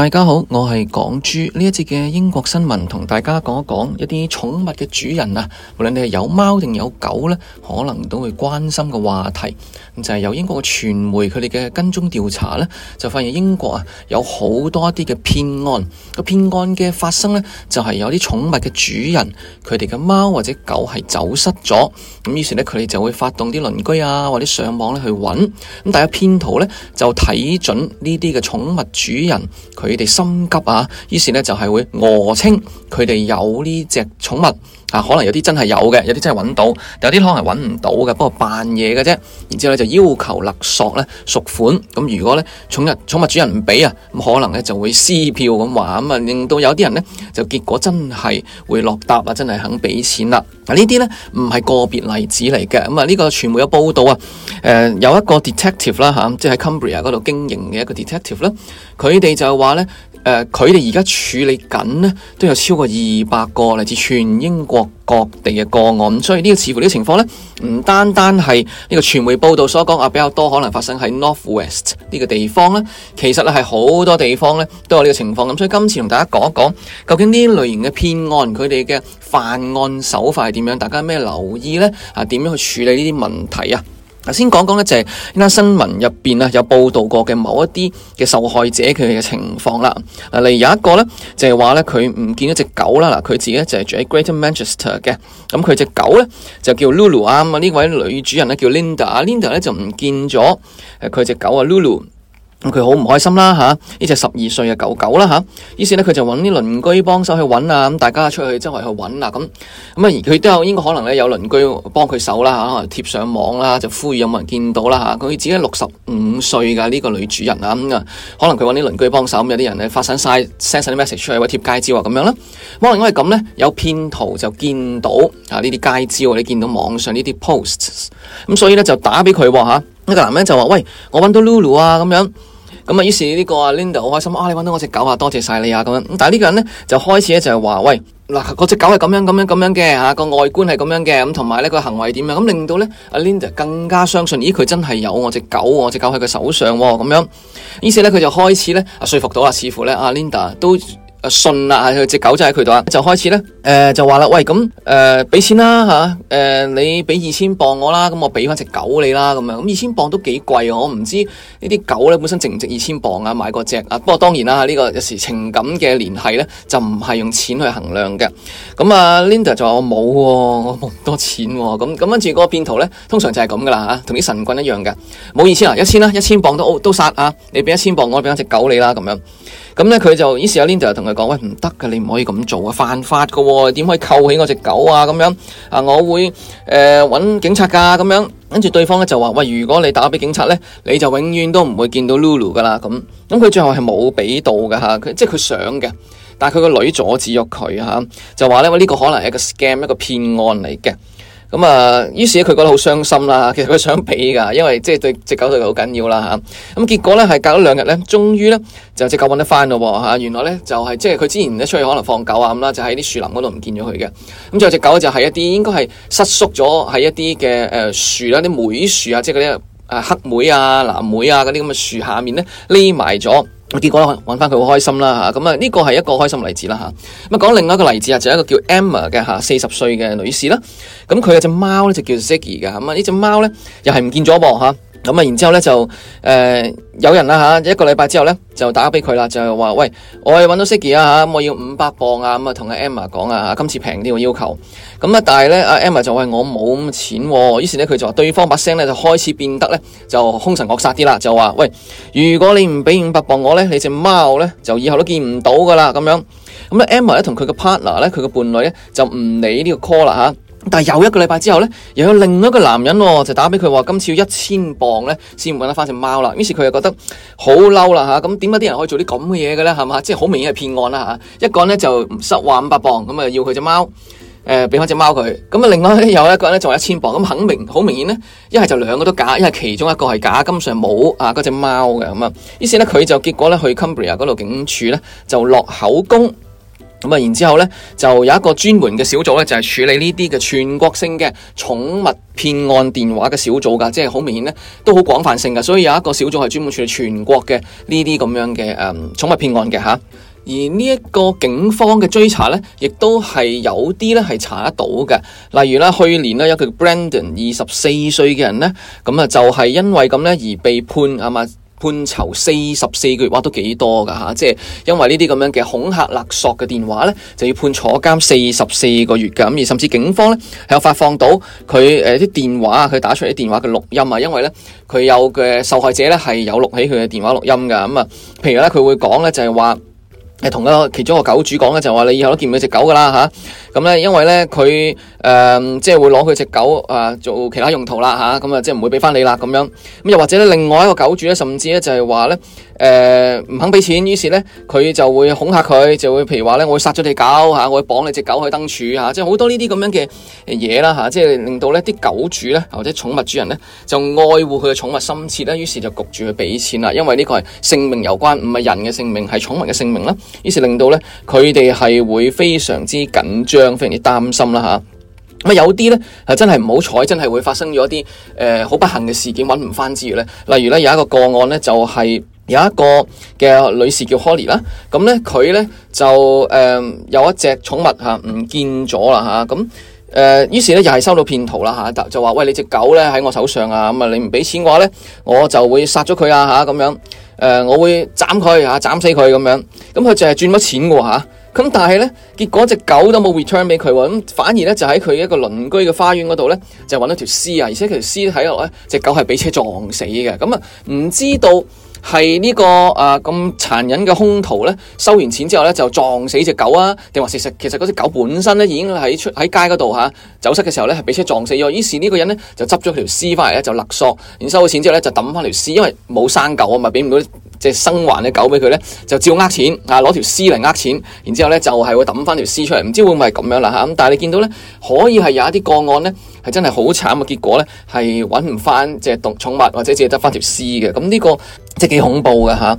大家好，我係港豬，呢一節嘅英國新聞，同大家講一講一啲寵物嘅主人啊，無論你係有貓定有狗咧，可能都會關心嘅話題。就係、是、由英國嘅傳媒，佢哋嘅跟蹤調查咧，就發現英國啊有好多一啲嘅騙案。個騙案嘅發生咧，就係有啲寵物嘅主人，佢哋嘅貓或者狗係走失咗。咁於是咧，佢哋就會發動啲鄰居啊，或者上網咧去揾。咁啲騙徒咧，就睇準呢啲嘅寵物主人佢哋心急啊，於是咧就係、是、會訛稱佢哋有呢隻寵物啊，可能有啲真係有嘅，有啲真係揾到，有啲可能係揾唔到嘅。不過扮嘢嘅啫。然之後咧就要求勒索咧，贖款咁。如果咧寵人寵物主人唔俾啊，咁可能咧就會撕票咁話，咁啊令到有啲人咧就結果真係會落搭啊，真係肯俾錢啦。嗱呢啲咧唔係個別例子嚟嘅。咁啊呢、這個傳媒有報道啊，誒、呃、有一個 detective 啦、啊、吓，即係喺 Cumbria 度經營嘅一個 detective 咧、啊，佢哋就話。佢哋而家處理緊咧，都有超過二百個嚟自全英國各地嘅個案，所以呢、呢個似乎呢個情況呢，唔單單係呢個傳媒報道所講啊，比較多可能發生喺 North West 呢個地方呢，其實咧係好多地方呢都有呢個情況，咁、啊、所以今次同大家講一講，究竟呢類型嘅騙案佢哋嘅犯案手法係點樣，大家有咩留意呢？啊，點樣去處理呢啲問題啊？嗱，先講講咧，就係依家新聞入邊啊，有報道過嘅某一啲嘅受害者佢嘅情況啦。例如有一個咧，就係話咧，佢唔見咗隻狗啦。嗱，佢自己就係住喺 Great Manchester 嘅，咁佢隻狗咧就叫 Lulu 啊。咁、嗯、啊，呢位女主人咧叫 Linda，Linda 咧就唔見咗佢隻狗啊 Lulu。咁佢好唔開心啦，吓呢隻十二歲嘅狗狗啦，吓於是咧佢就揾啲鄰居幫手去揾啊，咁、啊、大家出去周圍去揾啊，咁咁啊，而佢都有應該可能咧有鄰居幫佢手啦，吓可能貼上網啦，就呼籲有冇人見到啦，吓、啊、佢自己六十五歲嘅呢個女主人啊，咁啊，可能佢揾啲鄰居幫手，咁、嗯、有啲人咧發晒晒啲 message 出去，話貼街招啊咁樣啦，可能因為咁咧，有騙徒就見到啊呢啲街招，你見到網上呢啲 posts，咁、啊、所以咧就打俾佢吓。啊啊呢個男人就話喂，我搵到 Lulu 啊，咁樣咁啊，於是呢個阿 Linda 好開心啊，你搵到我隻狗啊，多謝晒你啊，咁樣。但係呢個人呢，就開始就、啊啊、呢，就係話喂，嗱，嗰隻狗係咁樣咁樣咁樣嘅吓，個外觀係咁樣嘅，咁同埋呢個行為點樣，咁、啊、令到呢阿 Linda 更加相信，咦，佢真係有我隻狗，我隻狗喺佢手上喎、啊，咁樣。於是呢，佢就開始呢說服到啊，似乎呢阿 Linda 都。信啦嚇，隻狗就喺佢度啊，就開始咧，誒、呃、就話啦，喂咁誒俾錢啦嚇，誒、啊、你俾二千磅我啦，咁、嗯、我俾翻隻狗你啦咁樣，咁二千磅都幾貴喎，我唔知呢啲狗咧本身值唔值二千磅啊，買個隻啊，不過當然啦，呢、這個有時情感嘅聯繫咧就唔係用錢去衡量嘅。咁、嗯、啊，Linda 就話我冇喎，我冇咁多錢喎、哦，咁咁跟住個騙徒咧通常就係咁噶啦嚇，同、啊、啲神棍一樣嘅，冇二千啊，一千啦，一千磅都都殺啊，你俾一千磅我，我俾翻隻狗你啦咁樣，咁咧佢就於是阿 Linda 同佢。講，喂唔得噶，你唔可以咁做啊，犯法噶、喎，點可以扣起我隻狗啊？咁樣啊，我會誒搵、呃、警察噶咁樣，跟住對方咧就話喂，如果你打俾警察咧，你就永遠都唔會見到 Lulu 噶啦，咁咁佢最後係冇俾到噶吓，佢、啊、即係佢想嘅，但係佢個女阻止咗佢吓，就話咧呢、啊這個可能係一個 scam，一個騙案嚟嘅。咁啊、嗯，於是咧佢覺得好傷心啦。其實佢想畀噶，因為即係對隻狗對佢好緊要啦嚇。咁、啊、結果咧係隔咗兩日咧，終於咧就隻狗搵得返咯嚇。原來咧就係、是、即係佢之前咧出去可能放狗啊咁啦，就喺、是、啲樹林嗰度唔見咗佢嘅。咁、啊、仲有隻狗就係一啲應該係失縮咗喺一啲嘅誒樹啦，啲梅樹啊，即係嗰啲啊黑莓啊、藍莓啊嗰啲咁嘅樹下面咧匿埋咗。結果揾返佢好開心啦嚇，咁啊呢個係一個開心例子啦嚇。咁啊講另外一個例子啊，就係一個叫 Emma 嘅嚇，四十歲嘅女士啦。咁佢有隻貓咧就叫 Ziggy 噶，咁啊，啊隻貓呢隻貓咧又係唔見咗噃嚇。啊咁啊，然之後咧就誒、呃、有人啦、啊、吓，一個禮拜之後咧就打俾佢啦，就係話喂，我係搵到 Sigi 啊吓，我要五百磅啊，咁啊同阿 Emma 講啊，今次平啲個要求。咁啊，但係咧阿 Emma 就話我冇咁錢，於是咧佢就話對方把聲咧就開始變得咧就凶神惡煞啲啦，就話喂，如果你唔俾五百磅我咧，你隻貓咧就以後都見唔到噶啦，咁樣。咁咧 Emma 咧同佢個 partner 咧，佢個伴侶咧就唔理呢個 call 啦吓。啊但係又一個禮拜之後咧，又有另一個男人、哦、就打俾佢話，今次要鎊一千磅咧，先唔得翻隻貓啦。於是佢就覺得好嬲啦嚇，咁點解啲人可以做啲咁嘅嘢嘅咧？係嘛，即係好明顯係騙案啦嚇、啊。一個咧就唔失話五百磅，咁啊要佢隻貓，誒俾翻隻貓佢。咁啊另外有一個咧就話一千磅，咁、啊、肯明好明顯咧，一係就兩個都假，一係其中一個係假，根本上冇啊嗰隻貓嘅咁啊。於是咧佢就結果咧去 Cumbria 嗰度警署咧就落口供。咁啊，然之後咧，就有一個專門嘅小組咧，就係處理呢啲嘅全國性嘅寵物騙案電話嘅小組噶，即係好明顯咧，都好廣泛性嘅，所以有一個小組係專門處理全國嘅呢啲咁樣嘅誒寵物騙案嘅嚇、啊。而呢一個警方嘅追查咧，亦都係有啲咧係查得到嘅，例如咧，去年咧有個叫 Brandon 二十四歲嘅人咧，咁啊就係因為咁咧而被判啊嘛。判囚四十四個月，哇，都幾多噶吓、啊！即係因為呢啲咁樣嘅恐嚇勒索嘅電話咧，就要判坐監四十四個月噶。咁、啊、而甚至警方咧係有發放到佢誒啲電話，佢打出嚟啲電話嘅錄音啊。因為咧佢有嘅受害者咧係有錄起佢嘅電話錄音噶。咁啊，譬如咧佢會講咧就係、是、話。係同一個其中個狗主講嘅就話，你以後都見唔到隻狗噶啦吓，咁咧因為咧佢誒即係會攞佢隻狗誒做其他用途啦吓，咁啊即係唔會畀翻你啦咁樣，咁又或者咧另外一個狗主咧甚至咧就係話咧誒唔肯畀錢，於是咧佢就會恐嚇佢，就會譬如話咧我會殺咗你狗吓，我會綁你隻狗去燈柱吓，即係好多呢啲咁樣嘅嘢啦吓，即係令到咧啲狗主咧或者寵物主人咧就愛護佢嘅寵物心切啦，於是就焗住佢畀錢啦，因為呢個係性命有關，唔係人嘅性命，係寵物嘅性命啦。於是令到咧，佢哋係會非常之緊張，非常之擔心啦嚇。咁啊有啲咧啊真係唔好彩，真係會發生咗一啲誒好不幸嘅事件，搵唔返之餘咧，例如咧有一個個案咧，就係、是、有一個嘅女士叫 Holly 啦、啊，咁咧佢咧就誒、呃、有一隻寵物嚇唔、啊、見咗啦嚇咁。啊嗯誒，於、uh, 是咧又係收到騙徒啦吓、啊，就就話喂你隻狗咧喺我手上啊，咁啊你唔俾錢嘅話咧，我就會殺咗佢啊吓咁樣，誒、啊啊、我會斬佢吓斬死佢咁樣，咁、啊、佢、啊、淨係轉咗錢嘅吓、啊，咁、啊、但係咧結果隻狗都冇 return 俾佢，咁、啊、反而咧就喺佢一個鄰居嘅花園嗰度咧就揾到條屍啊，而且條屍喺度咧隻狗係俾車撞死嘅，咁啊唔知道。係呢個啊咁殘忍嘅兇徒咧，收完錢之後咧就撞死隻狗啊？定話其實其實嗰隻狗本身咧已經喺出喺街嗰度嚇走失嘅時候咧係俾車撞死咗，於是呢個人咧就執咗條屍翻嚟咧就勒索，然收咗錢之後咧就抌翻條屍，因為冇生狗啊，嘛，俾唔到即係生還嘅狗俾佢咧，就照呃錢嚇攞條屍嚟呃錢。然之後咧就係會抌翻條屍出嚟，唔知會唔會係咁樣啦嚇。咁但係你見到咧可以係有一啲個案咧係真係好慘嘅結果咧係揾唔翻隻動寵物或者只係得翻條屍嘅咁呢個。即係幾恐怖㗎吓，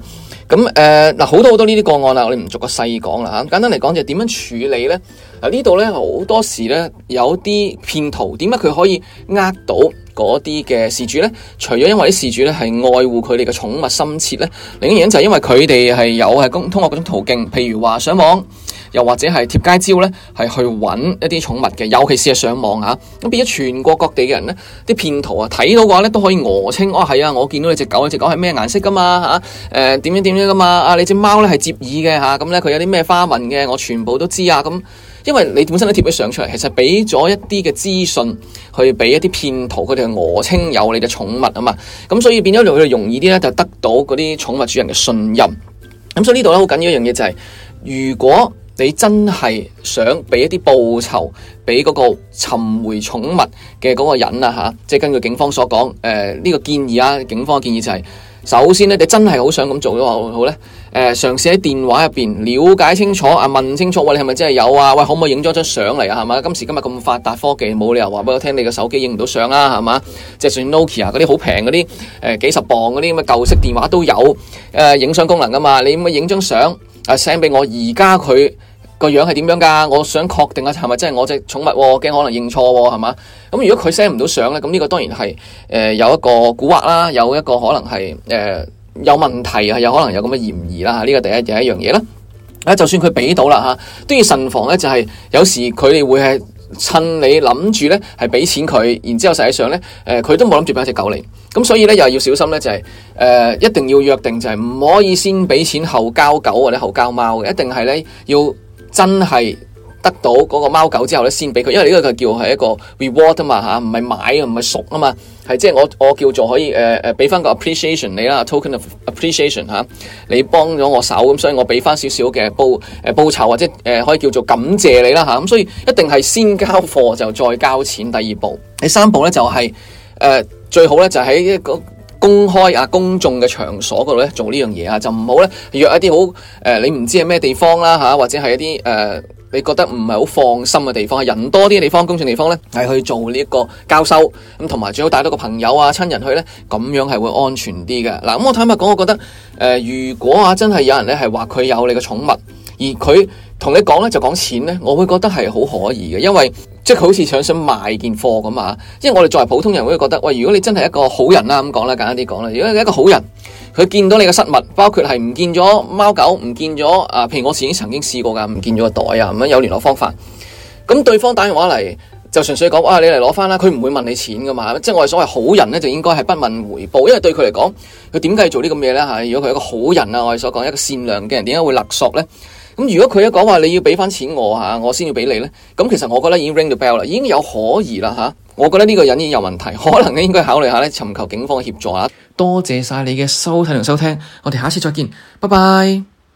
咁誒嗱好多好多呢啲個案啦，我哋唔逐個細講啦吓。簡單嚟講就係點樣處理咧？嗱、啊、呢度咧好多時咧有啲騙徒點解佢可以呃到嗰啲嘅事主咧？除咗因為啲事主咧係愛護佢哋嘅寵物深切咧，另一樣就係因為佢哋係有係通通過嗰種途徑，譬如話上網。又或者係貼街招咧，係去揾一啲寵物嘅，尤其是係上網吓，咁、啊、變咗全國各地嘅人咧，啲騙徒啊睇到嘅話咧，都可以訛稱：我、啊、係啊，我見到你隻狗，隻狗係咩顏色噶嘛嚇？誒、呃、點樣點樣噶嘛？啊你隻貓咧係折耳嘅吓，咁咧佢有啲咩花紋嘅，我全部都知啊。咁因為你本身都貼咗相出嚟，其實俾咗一啲嘅資訊去俾一啲騙徒，佢哋係訛稱有你嘅寵物啊嘛。咁所以變咗越嚟容易啲咧，就得到嗰啲寵物主人嘅信任。咁、啊、所以呢度咧好緊要一樣嘢就係、是，如果你真係想俾一啲報酬俾嗰個尋回寵物嘅嗰個人啊？嚇、啊，即係根據警方所講，誒、呃、呢、這個建議啊，警方嘅建議就係、是、首先呢，你真係好想咁做嘅話，好、啊、咧，誒嘗試喺電話入邊了解清楚啊，問清楚喂、啊，你係咪真係有啊？喂，可唔可以影咗張相嚟啊？係嘛，今時今日咁發達科技，冇理由話俾我聽你嘅手機影唔到相啊，係、啊、嘛？就算 Nokia、ok、嗰啲好平嗰啲誒幾十磅嗰啲咁嘅舊式電話都有誒影相功能噶嘛，你唔可以影張相啊 send 俾我，而家佢。個樣係點樣㗎？我想確定下係咪真係我隻寵物喎？驚可能認錯喎，係嘛？咁如果佢 send 唔到相咧，咁呢個當然係誒、呃、有一個蠱惑啦，有一個可能係誒、呃、有問題係有可能有咁嘅嫌疑啦。呢、啊這個第一第一樣嘢啦。啊，就算佢俾到啦嚇、啊，都要慎防咧。就係、是、有時佢哋會係趁你諗住咧係俾錢佢，然之後實際上咧誒佢都冇諗住俾隻狗嚟。咁、啊、所以咧又要小心咧，就係、是、誒、呃、一定要約定就係唔可以先俾錢後交狗或者後交貓嘅，一定係咧要。真係得到嗰個貓狗之後咧，先俾佢，因為呢個就叫係一個 reward 啊嘛嚇，唔係買唔係贖啊嘛，係、啊、即係我我叫做可以誒誒俾翻個 appreciation 你啦，token of appreciation 嚇、啊，你幫咗我手咁，所以我俾翻少少嘅報誒、呃、報酬或者誒、呃、可以叫做感謝你啦嚇咁、啊，所以一定係先交貨就再交錢，第二步，第三步咧就係、是、誒、呃、最好咧就喺、是、一個公開啊，公眾嘅場所嗰度咧做呢樣嘢啊，就唔好咧約一啲好誒，你唔知係咩地方啦嚇、啊，或者係一啲誒、呃，你覺得唔係好放心嘅地方，人多啲嘅地方，公眾地方咧，係去做呢一個交收咁，同埋最好帶多個朋友啊、親人去咧，咁樣係會安全啲嘅。嗱、啊，咁我坦白講，我覺得誒、呃，如果啊真係有人咧係話佢有你嘅寵物。而佢同你講咧，就講錢咧，我會覺得係好可疑嘅，因為即係佢好似想想賣件貨咁啊。因為我哋作為普通人會覺得喂，如果你真係一個好人啦、啊，咁講啦，簡單啲講啦，如果你一個好人，佢見到你嘅失物，包括係唔見咗貓狗，唔見咗啊，譬如我以前曾經試過㗎，唔見咗個袋啊，咁樣有聯絡方法，咁對方打電話嚟就純粹講哇、哎，你嚟攞翻啦。佢唔會問你錢㗎嘛，即係我哋所謂好人咧，就應該係不問回報，因為對佢嚟講，佢點解做呢咁嘢咧？嚇、啊，如果佢係一個好人啊，我哋所講一個善良嘅人，點解會勒索咧？如果佢一講話，你要俾翻錢我，我先要俾你呢？咁其實我覺得已經 ring 到 bell 啦，已經有可疑啦，我覺得呢個人已經有問題，可能咧，應該考慮下咧，尋求警方嘅協助啊！ 多謝晒你嘅收睇同收聽，我哋下次再見，拜拜。